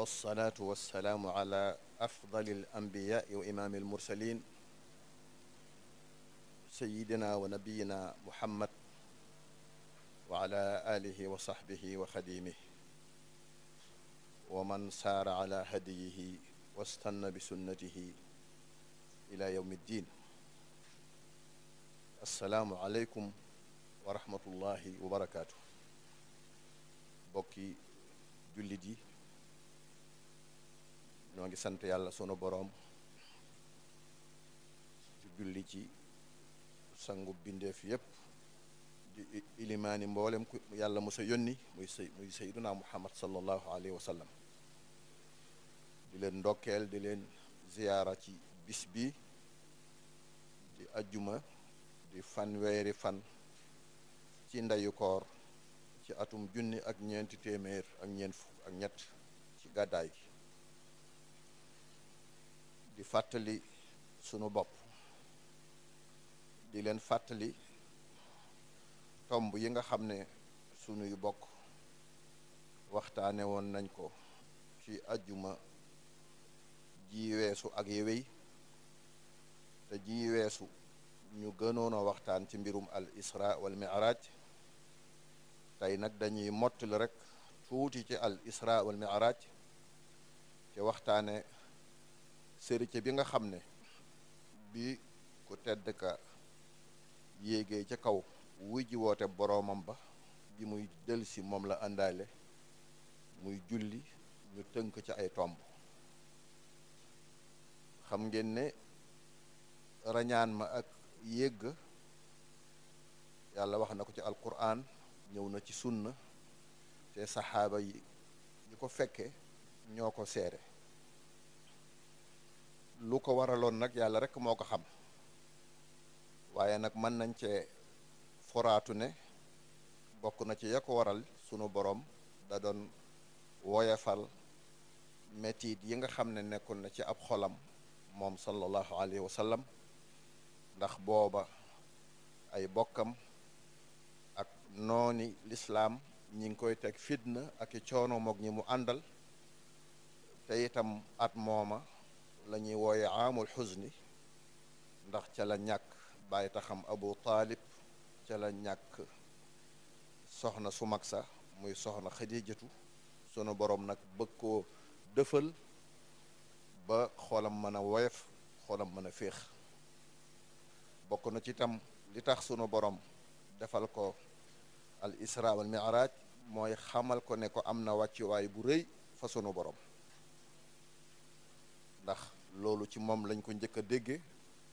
والصلاة والسلام على أفضل الأنبياء وإمام المرسلين سيدنا ونبينا محمد وعلى آله وصحبه وخديمه ومن سار على هديه واستنى بسنته إلى يوم الدين السلام عليكم ورحمة الله وبركاته bokki jullit yi ñoo sant yàlla sunu boroom ci julli ci sangu bindeef yépp di ilimaani mboolem ku yàlla musa yónni muy say muy sayduna muhammad sallallahu alayhi wa di leen ndokkeel di leen ziyaara ci bis bi di ajjuma di fanweeri fan ci ndeyu koor ci atum junni ak ñeenti téeméer ak ñeent ci gàddaay gi di fàttali sunu bopp di leen fàttali tomb yi nga xam ne sunuy bokk waxtaane woon nañ ko ci ajuma ji ak yi te ji weesu ñu gënoon waxtaan ci mbirum al isra wal mi'raj tey nag dañuy mottali rek tuuti ci al isra wal mi'raj ci waxtaane sérité bi nga xam ne bi ku tedd ka yéegee ca kaw wuy ji woote boroomam ba bi muy delsi moom la àndaale muy julli ñu tënk ca ay tomb xam ngeen ne rañaan ma ak yégg yàlla wax na ko ci alquran ñëw na ci sunna te saxaaba yi ñu ko fekke ñoo ko seere lu ko waraloon nag yàlla rek moo ko xam waaye nag mën nañ cee foraatu ne bokk na ci ya ko waral sunu borom da doon woyafal metit yi nga xam ne nekkoon na ci ab xolam moom sallallahu alayhi wa ndax booba ay bokkam ak nooni lislaam ñi ngi koy teg fitna ak i coono moog ñi mu àndal te at mooma lañuy ñuy wooye aamul xuzni ndax ca la ñàkk bàyyi taxam abu taalib ca la ñàkk soxna su mag sa muy soxna xadijatu sunu borom nag bëgg koo dëfal ba xoolam mën a woyof xoolam mën a féex bokk na ci itam li tax sunu borom defal ko al isra wal miraaj mooy xamal ko ne ko am na wàccuwaay bu rëy fa sunu borom ndax loolu ci moom lañ ko njëkk a dégge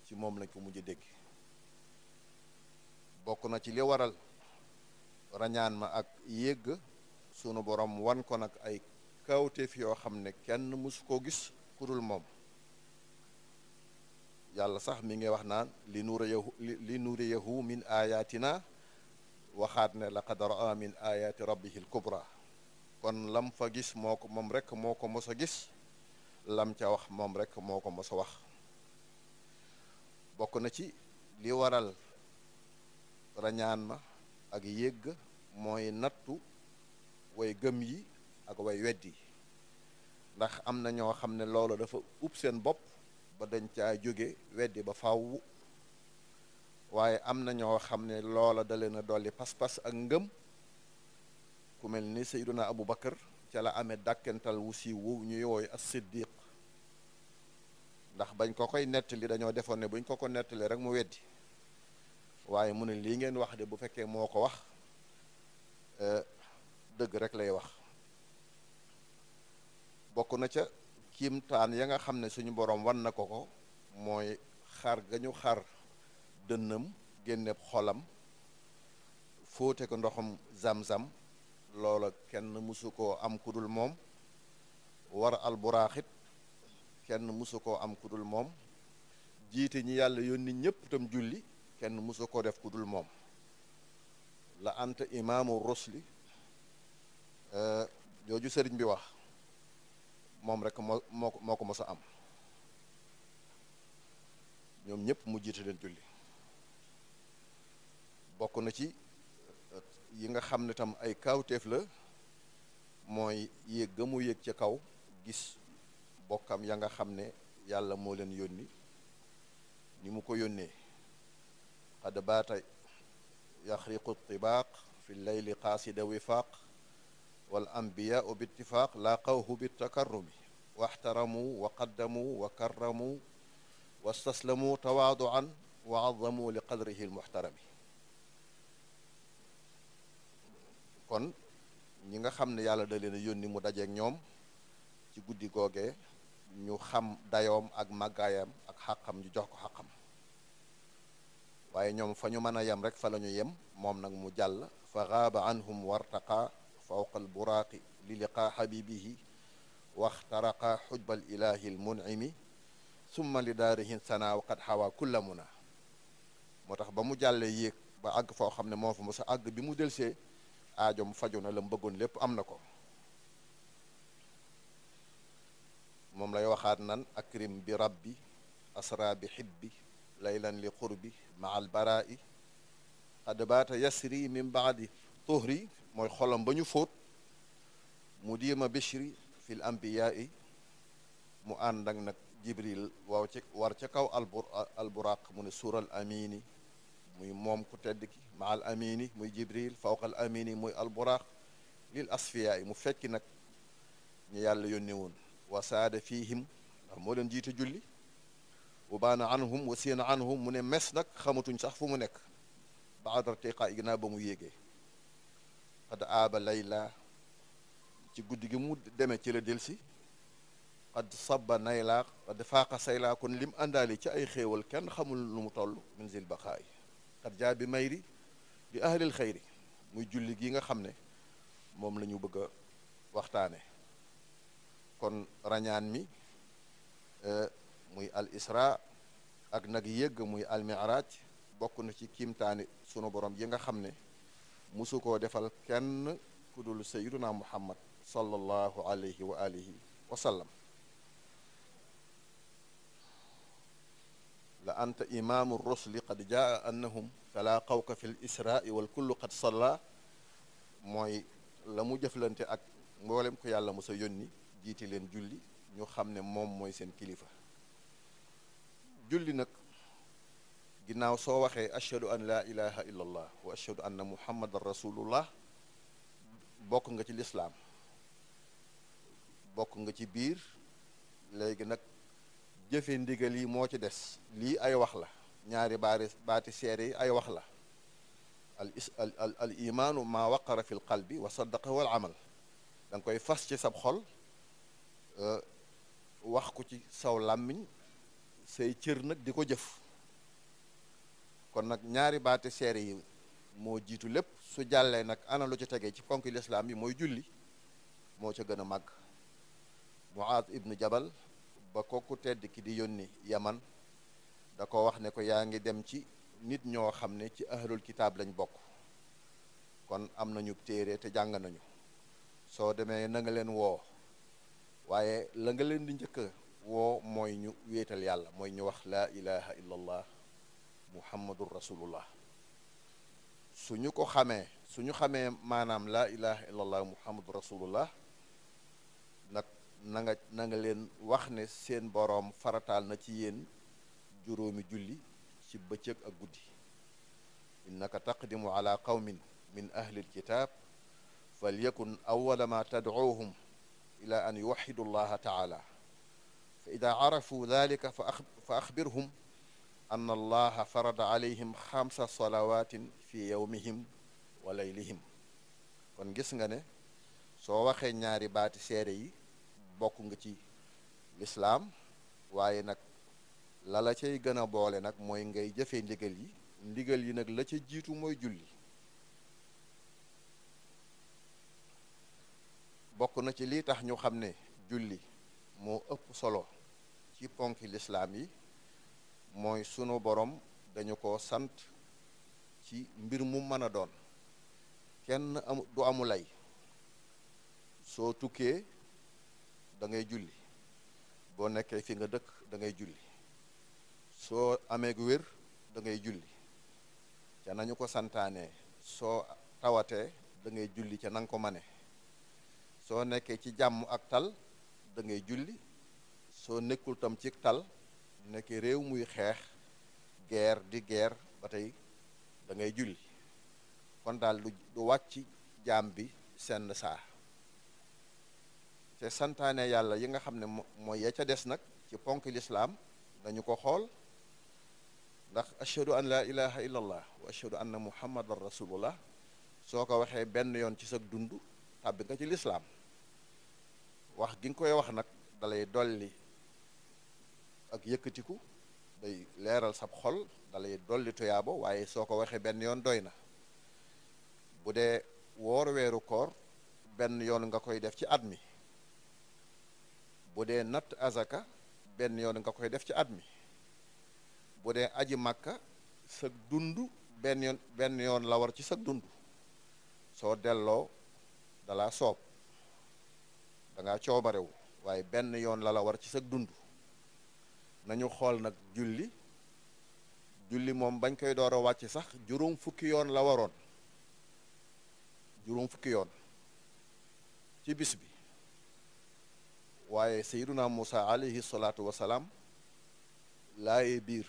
ci moom lañ ko mujj dégge bokk na ci li waral rañaan ma ak yégg sunu borom wan ko nag ay kawteef yoo xam ne kenn mësu koo gis ku dul moom yàlla sax mi ngi wax naan li nuriyahu li nuriyahu min ayatina waxaat ne laqad raa min ayati rabbihi kubra kon lam fa gis moo ko moom rekk moo ko mos a gis lam ca wax moom rek moo ko mos a wax bokk na ci li waral rañaan ma ak yëgg mooy nattu way gëm yi ak way weddi ndax am na ñoo xam ne loolu dafa ub seen bopp ba dañ caa jóge weddi ba fàww waaye am na ñoo xam ne loola da leen a dolli pas-pas ak ngëm ku mel ni Seyduna Abu Bakar ca la amee dàkkental wu siiw wu ñuy wooy as-siddiq ndax bañ ko koy nettali dañoo defoon ne buñ ko ko nettali rek mu weddi waaye mu ne lii ngeen wax de bu fekkee moo ko wax euh, dëgg rek lay wax bokk na ca kiimtaan ya nga xam ne suñu borom wan na ko ko mooy xar gañu ñu xar dënnam génne xolam fóote ko ndoxum zam-zam loola kenn mësu koo am ku dul moom war alburaaxit kenn musu koo am ku dul moom jiite ñi yàlla yónni ñëpp tam julli kenn musu koo def ku dul moom la anta imaamu rusli euh, jooju sëriñ bi wax moom rek moo moo ko mos a am ñoom ñëpp mu jiite leen julli bokk na ci yi nga xam ne tam ay kaawteef la mooy yéeg ga mu yéeg ca kaw gis bokkam ya nga xam ne yàlla moo leen yónni ni mu ko yónnee xad baata yaxriqu tibaaq fi leyli qaasida wifaaq wal anbiyaau bi ittifaaq laaqawhu bi takarrumi waxtaramu wa qaddamu wa karramu wa staslamu tawaaduan wa azamu li qadrihi almuxtarami kon ñi nga xam ne yàlla da leen a yónni mu dajeek ñoom ci guddi googee ñu xam dayoom ak màggaayam ak xàqam ñu jox ko xàqam waaye ñoom fa ñu mën a yem rek fa la ñu yem moom nag mu jàll fa gaaba anhum wartaqa fawqa alburaaqi li liqaa xabibihi waxtaraqa xujba alilahi almunimi summa li daarihin sana wa qad xawa kulla muna moo tax ba mu jàllee yéeg ba àgg foo xam ne moom fa mos a àgg bi mu delsee aajom faju na la mu bëggoon lépp am na ko moom lay waxaat nan akrim bi rabbi asra bi xibbi laylan li qurbi ma al baraa'i yasri min baadi tuhri mooy xolam bañu ñu mu diima bishri fil ambiyaa'i mu ànd ak nag jibril waaw ci war ca kaw albur alburaq mu ne suural amini muy moom ku tedd ki maal amini muy jibril fawqal amini muy alburaq lil asfiyaa yi mu fekki nag ñu yàlla yónni woon wa saada fihim ndax moo leen jiite julli ubaana anhum wa anhum mu ne mes nag xamatuñ sax fu mu nekk badartiqa ignaa ba mu yéegee xad aaba layla ci guddi gi mu demee ci la delsi xad sabba naylaa xad faaqa saylaa kon lim àndaali ci ay xéewal kenn xamul lu mu toll min zil baqaay xad jaa bi mayri di ahlil xayri muy julli gi nga xam ne moom lañu ñu bëgg a waxtaane kon rañaan mi e, muy al isra ak nag yëgg muy al miraaj bokk na ci kiimtaani sunu borom yi nga xam ne musu koo defal kenn ku dul sayyiduna muhammad sallallahu alihi wa sallam la anta imaamu rusli qad jaa annahum falaa fi l israai wal kullu qad salla mooy la mu jëflante ak mboolem ko yàlla musa yónni jiite leen julli ñu xam ne moom mooy seen kilifa julli nag ginnaaw soo waxee ashhadu an laa ilaha illa allah wa ashhadu anna muhammadan rasulullah bokk nga ci lislaam bokk nga ci biir léegi nag jëfe ndigal yi moo ci des lii ay wax la ñaari baari baati seere yi ay wax la al is al al imaanu maa waqara fi l qalbi wa saddaqa wal amal da koy fas ci sab xol Euh, wax ko ci saw làmmiñ say cër nag di ko jëf kon nag ñaari baate seere yi moo jiitu lépp su jàllee nag ana lu ci tegee ci ponk lislaam yi mooy julli moo ca gën a màgg Muaad ibnu Jabal ba kooku tedd ki di yónni Yaman da ko wax ne ko yaa ngi dem ci nit ñoo xam ne ci ahlul kitaab lañ bokk kon am nañu téere te jàng nañu soo demee nanga leen woo waaye la nga leen di njëkk woo mooy ñu wéetal yàlla mooy ñu wax laa ilaha illallah muhammadur rasulullah su ñu ko xamee su ñu xamee maanaam laa ilaha illallah muhammadur rasulullah nag na nga na nga leen wax ne seen boroom farataal na ci yéen juróomi julli ci bëccëg ak guddi innaka taqdimu ala qawmin min ahli alkitab falyakun awwala ma tad'uuhum إلى أن يوحدوا الله تعالى فإذا عرفوا ذلك فأخبرهم أن الله فرض عليهم خمس صلوات في يومهم وليلهم kon gis nga ne soo waxee ñaari baati seere yi bokk nga ci lislaam waaye nag la la cay gën a boole nag mooy ngay jëfee ndigal yi ndigal yi nag la ca jiitu mooy julli bokk na ci lii tax ñu xam ne julli moo ëpp solo ci ponki lislaam yi mooy sunu borom dañu ko sant ci mbir mu mën a doon kenn am du amu lay soo tukkee dangay julli boo nekkee fi nga dëkk dangay ngay julli soo amee gu wér dangay julli ca nañu ko santaane soo tawatee dangay ngay julli ca nanga ko mane soo nekkee ci jàmm ak tal dangay julli soo nekkul tam ci tal nekk réew muy xeex guerre di guerre ba tey dangay ngay julli kon daal du wàcc jaam bi senn saa te santaane yàlla yi nga xam ne mooy ya ca des nag ci ponk lislaam dañu ko xool ndax ashhadu an la ilaha illa allah wa ashhadu anna muhammadan rasulullah soo ko waxee benn yoon ci sa dund tàbbi nga ci lislaam wax gi nga koy wax nag dalay dolli ak yëkkatiku day leeral sab xol dalay dolli tuyaabo waaye soo ko waxee benn yoon doy na bu dee woor weeru koor benn yoon nga koy def ci at mi bu dee natt azaka benn yoon nga koy def ci at mi bu dee aji màkka sa dund benn yoon benn la war ci sa dund soo delloo dala soob da ngaa coobarewu waaye benn yoon la la war ci sa dund nañu xool nag julli julli moom bañ koy door a wàcc sax juróom fukki yoon la waroon juróom fukki yoon ci bis bi waaye sayyiduna Musa alayhi salaatu wasalaam laaye biir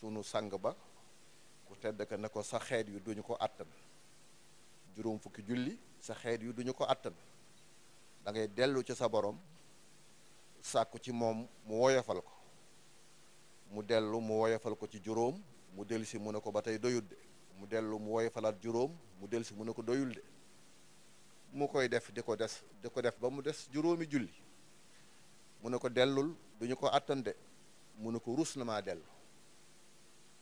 sunu sang ba ku tedd ka ne ko sa xeet yu duñu ko àttan juróom fukki julli sa xeet yu duñu ko àttan da ngay dellu ci sa borom sàkku ci moom mu woyofal ko mu dellu mu woyofal ko ci juróom mu dellu si mu ne ko ba tey doyul de mu dellu mu woyofalaat juróom mu dellu si mu ne ko doyul de mu koy def di ko des di ko def ba mu des juróomi julli mu ne ko dellul du ñu ko àttande mu ne ko rus na maa dellu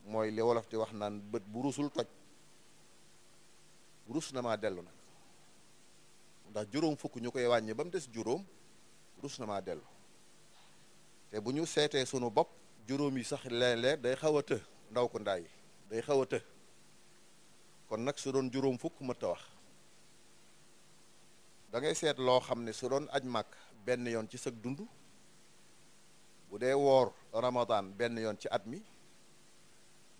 mooy li wolof di wax naan bët bu rusul toj rus na maa dellu na ndax juróom fukk ñu koy wàññi ba mu des juróom rus na maa dellu te bu ñu seetee sunu bopp juróom yi sax léeg-léeg day xaw a të ndaw ko ndaay day xaw a të kon nag su doon juróom fukk mënta wax dangay seet loo xam ne su doon aj màkk benn yoon ci sag dund bu dee woor ramadan benn yoon ci at mi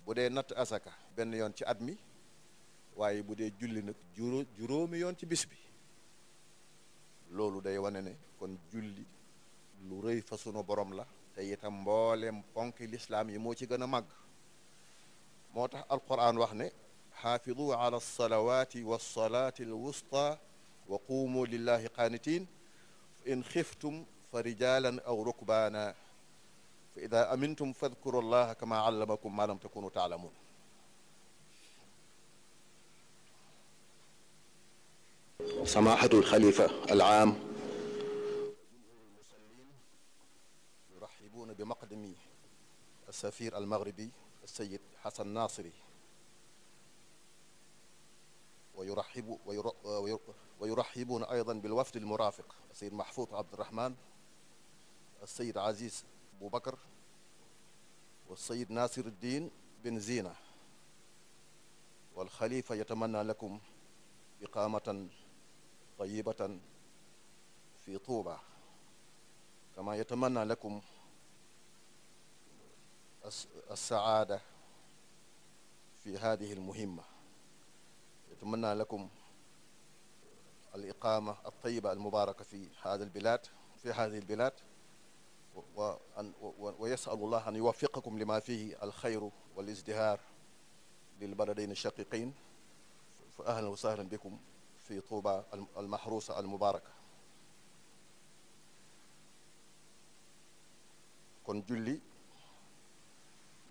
bu dee natt asaka benn yoon ci at mi waaye bu dee julli nag juróomi yoon ci bis bi loolu day wane ne kon julli lu rëy fa sunu borom la te itam mboolem ponki lislaam yi moo ci gën a màgg moo tax alquran wax ne xaafidu ala alsalawati walsalaati alwusta wa quumu lillahi qaanitin fa in xiftum fa rijalan aw rukbaana fa ida amintum fadkuru allaha kama allamakum ma lam takunu taalamuun سماحة الخليفة العام يرحبون بمقدمي السفير المغربي السيد حسن ناصري ويرحب ويرحبون أيضا بالوفد المرافق السيد محفوظ عبد الرحمن السيد عزيز أبو بكر والسيد ناصر الدين بن زينة والخليفة يتمنى لكم إقامة طيبة في طوبى كما يتمنى لكم السعادة في هذه المهمة يتمنى لكم الإقامة الطيبة المباركة في هذا البلاد في هذه البلاد وأن ويسأل الله أن يوفقكم لما فيه الخير والازدهار للبلدين الشقيقين فأهلا وسهلا بكم في طوبى المحروسة المباركة kon julli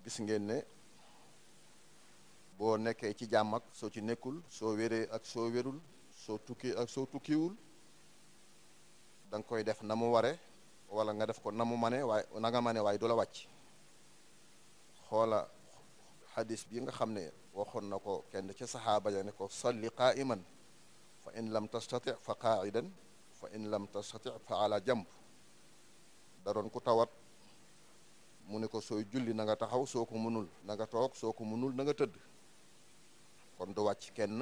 gis ngeen ne boo nekkee ci jàmm ak soo ci nekkul soo wéree ak soo wérul soo tukki ak soo tukkiwul dang koy def na mu ware wala nga def ko na mu mane waaye na waay mane waaye du wàcc xoola xadis bi nga xam ne waxoon na ko kenn ci saxaaba ya ne ko salli qaiman fa in lam tastati fa qaaidan fa in lam tastati fa ala jamb da ku tawat mu ne ko sooy julli na nga taxaw soo ko mënul na nga toog soo ko mënul na nga tëdd kon du wàcc kenn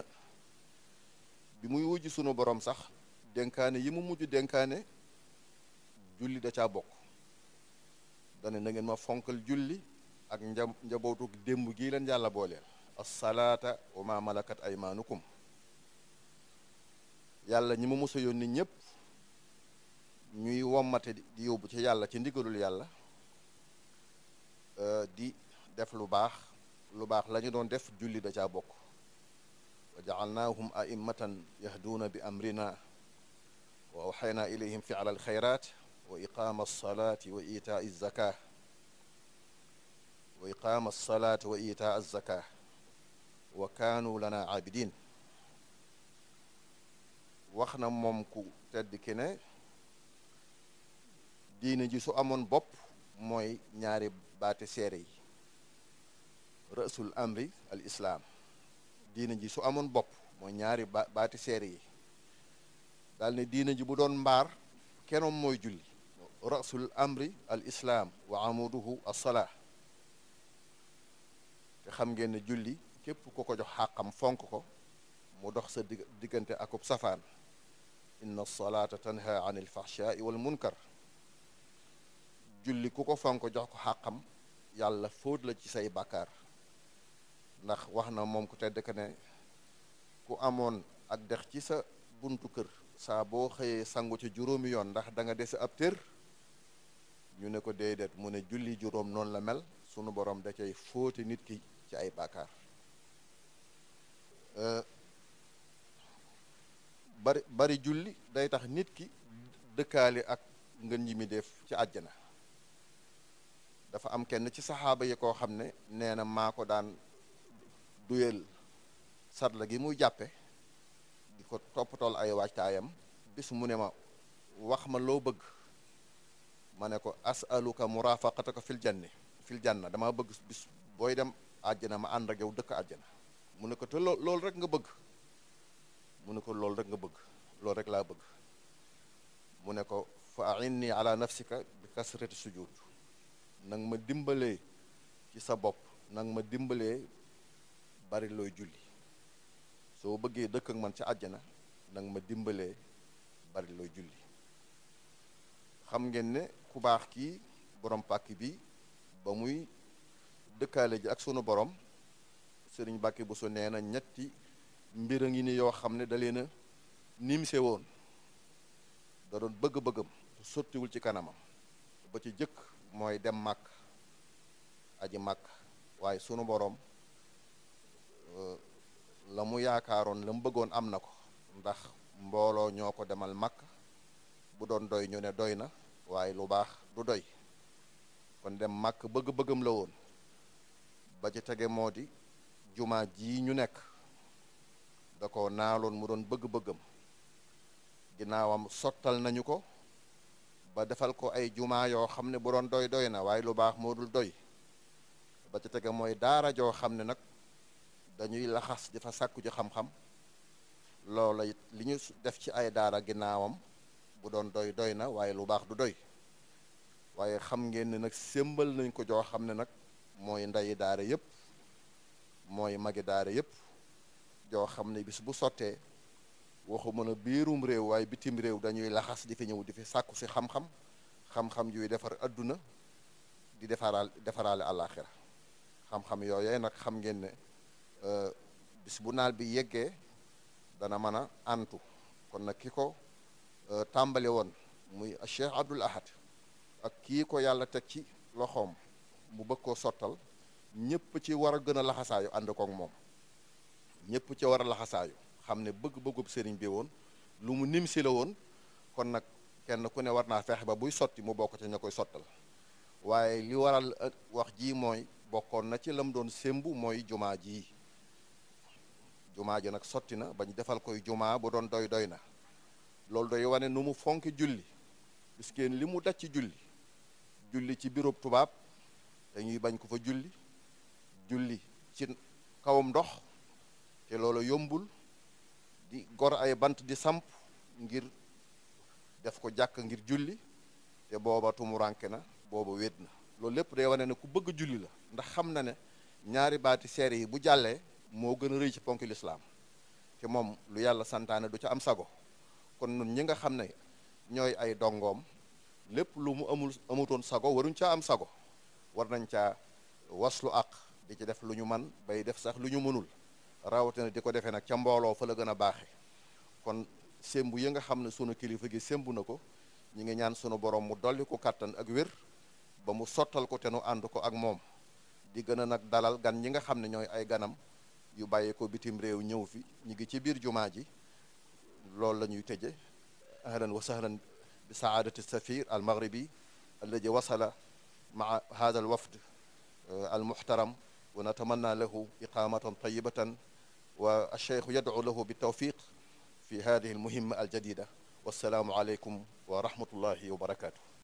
bi muy wujj sunu borom sax dénkaane yi mu mujj dénkaane julli da caa bokk dane na ngeen ma fonkal julli ak njabootu démb gii leen yàlla booleel as salaata wa ma malakat aymanukum yàlla ñi ma mos a yónni ñëpp ñuy wommate di yóbbu ci yàlla ci ndigalul yàlla euh, di def lu baax lu baax la ñu doon def julli da caa bokk wa jaalnaahum a'immatan yahduuna bi amrina wa awxaynaa ilayhim fiala alxayrat wa iqaama alsalaati wa itaa alzaka wa kaanu lana aabidin wax na moom ku tedd ki ne diina ji su amoon bopp mooy ñaari baate seere yi rasul amri al islaam diine ji su amoon bopp mooy ñaari ba baati seere yi daal ne diine ji bu doon mbaar kenoom mooy julli rasul amri al islaam wa amuduhu assalaa te xam ngeen ne julli képp ku ko jox xàqam fonk ko moo dox sa diggante akub safaan inna salaata tanha an ilfahshaai wal munkar julli ku ko fonk jox ko xàqam yàlla fóot la ci say bàkkaar ndax wax na moom ko tedd ka ne ku amoon ak dex ci sa buntu kër saa boo xëyee sangu ci juróomi yoon ndax danga nga dese ab tër ñu ne ko déedéet mu ne julli juróom noonu la mel sunu boroom da cay fóote nit ki ci ay bàkkaar euh, bari bari julli day tax nit ki dëkkaale ak ngën ji mi def ci àjjana dafa am kenn ci saxaaba yi koo xam ne nee na maa ko daan duyel sarla gi muy jàppe di ko toppatool ay waajtaayam bis mu ne ma wax ma loo bëgg ma ne ko asaluka murafaqataka fil janni fil janna dama bëgg bis booy dem àjjana ma ànd ak yow dëkk àjjana mu ne ko te loolu rek nga bëgg mu ne ko loolu rek nga bëgg loolu rek laa bëgg mu ne ko fa ainni ala nafsika bi kasrati sujud nang ma dimbalee ci sa bopp nang ma dimbalee bari looy julli soo bëggee dëkk ak man ca àjjana nang ma dimbalee bari looy julli xam ngeen ne ku baax kii borom pàkk bi ba muy dëkkaale ji ak sunu boroom sëriñ Bàkke bu so nee na ñetti mbir a ngi ni yoo xam ne da leen a nimse woon da doon bëgg-bëggam sottiwul ci kanamam ba ci jëkk mooy dem màkk aji màkk waaye sunu boroom euh, la mu yaakaaroon la mu bëggoon am na ko ndax mbooloo ñoo ko demal màkk bu doon doy ñu ne doy na waaye lu baax du doy kon dem màkk bëgg-bëggam la woon ba ci tege moo di jumaa ji ñu nekk da ko naaloon mu doon bëgg-bëggam ginnaawam sottal nañu ko ba defal ko ay jumaa yoo xam ne bu doon doy doy na waaye lu baax moo dul doy ba ci tege mooy daara joo xam ne nag dañuy laxas di fa sàkku ji xam-xam loola it li ñu def ci ay daara ginnaawam bu doon doy doy na waaye lu baax du doy waaye xam ngeen ne nag sémbal nañ ko joo xam ne nag mooy ndayi daara yépp mooy magi daare yépp joo xam ne bis bu sottee waxuma na biirum réew waaye bitim réew dañuy laxas di fi ñëw di fi sàkku si xam-xam xam-xam yuy defar adduna di defaraal defaraale àllaaxira xam-xam yooyee nag xam ngeen ne euh, bis bu naal bi yeggee dana mën a antu kon nag ki ko euh, tàmbali woon muy Cheikh Abdoul Ahad ak kii ko yàlla teg ci loxoom mu bëgg koo sottal ñépp ci war a gën a laxasaayu ànd koog moom ñëpp ca war a laxasaayu xam ne bëgg-bëggub sëriñ bi woon lu mu nim la woon kon nag kenn ku ne war naa fexe ba buy sotti mu bokk ca ña koy sottal waaye li waral eh, wax ji mooy bokkoon na ci lam doon sémbu mooy jumaa ji jumaa ji nag sotti na bañ defal koy jumaa bu doon doy doy na loolu doy wane nu mu fonk julli biskeen li mu daj ci julli julli ci birob tubaab dañuy bañ ko fa julli julli ci kawam ndox te loolu yombul di gor ay bant di samp ngir def ko jàkk ngir julli te booba tumuranke na booba wéet na loolu lépp day wane ne ku bëgg julli la ndax xam na ne ñaari baati seere yi bu jàllee moo gën a rëy ci ponk lislaam te moom lu yàlla santaane du ca am sago kon nun ñi nga xam ne ñooy ay dongoom lépp lu mu amul amutoon sago waruñ caa am sago war nañ caa waslu àq di ci def lu ñu man bay def sax lu ñu mënul rawatina di ko defee nag ca mbooloo fa la gën a baaxe kon sémbu yi nga xam ne sunu kilifa gi sémbu na ko ñu ngi ñaan sunu borom mu dolli ko kàttan ak wér ba mu sottal ko te nu ànd ko ak moom di gën a nag dalal gan ñi nga xam ne ñooy ay ganam yu bàyyi ko bitim réew ñëw fi ñu ngi ci biir jumaa ji loolu la ñuy tëje ahlan wa sahlan bi saadati safir al maghribi alladi wasala maa hada al wafd al muhtaram wa natamanna lahu iqamatan tayibatan والشيخ يدعو له بالتوفيق في هذه المهمة الجديدة والسلام عليكم ورحمة الله وبركاته